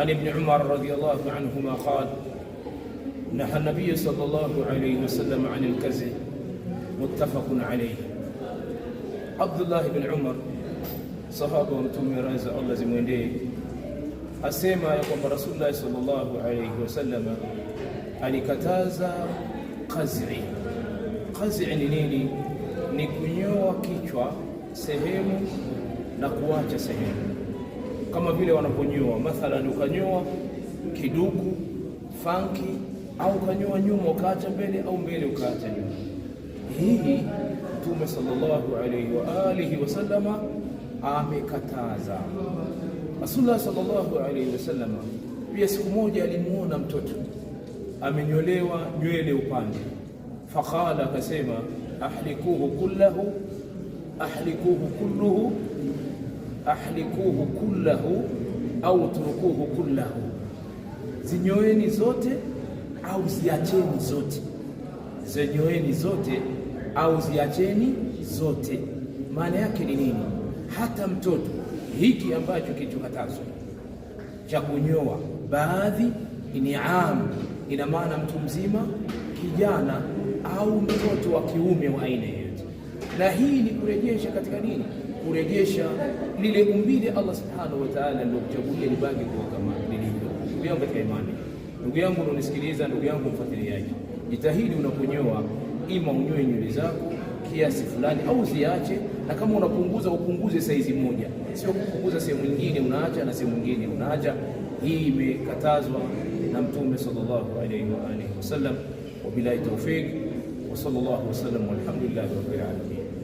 عن ابن عمر رضي الله عنهما قال نحى النبي صلى الله عليه وسلم عن الكذب متفق عليه عبد الله بن عمر صحابه متومي رئيس الله زمويني أسيما يقول رسول الله صلى الله عليه وسلم الكتازة قزعي قزعي نيني نكنيوا كيشوا سهيم نقواتش سهيم kama vile wanaponyoa mathalan, ukanyoa kiduku fanki au ukanyoa nyuma ukaacha mbele au mbele ukaacha nyuma. Hii Mtume sallallahu alayhi wa alihi wasallama amekataza. Rasulullah sallallahu alaihi wasallama pia siku moja alimuona mtoto amenyolewa nywele upande, faqala, akasema ahlikuhu kulluhu ahlikuhu kulluhu ahlikuhu kullahu au turukuhu kullahu, zinyoeni zote au ziacheni zote, zinyoeni zote au ziacheni zote. Maana yake ni nini? Hata mtoto hiki ambacho kilichokatazwa cha kunyoa baadhi ni amu, ina maana mtu mzima, kijana au mtoto wa kiume wa aina yoyote, na hii ni kurejesha katika nini kurejesha lile umbile Allah subhanahu wa ta'ala alilokuchagulia libaki kuwa kama lilivyo. Ndugu yangu katika imani, ndugu yangu unanisikiliza, ndugu yangu mfuatiliaji, jitahidi unaponyoa, ima unyoe nywele zako kiasi fulani au ziache, na kama unapunguza upunguze saizi moja, sio kupunguza sehemu nyingine unaacha na sehemu nyingine unaacha. Hii imekatazwa na Mtume sallallahu alaihi wa alihi wasallam. Wabillahi tawfik wa sallallahu wasallam walhamdulillahi rabbil alamin.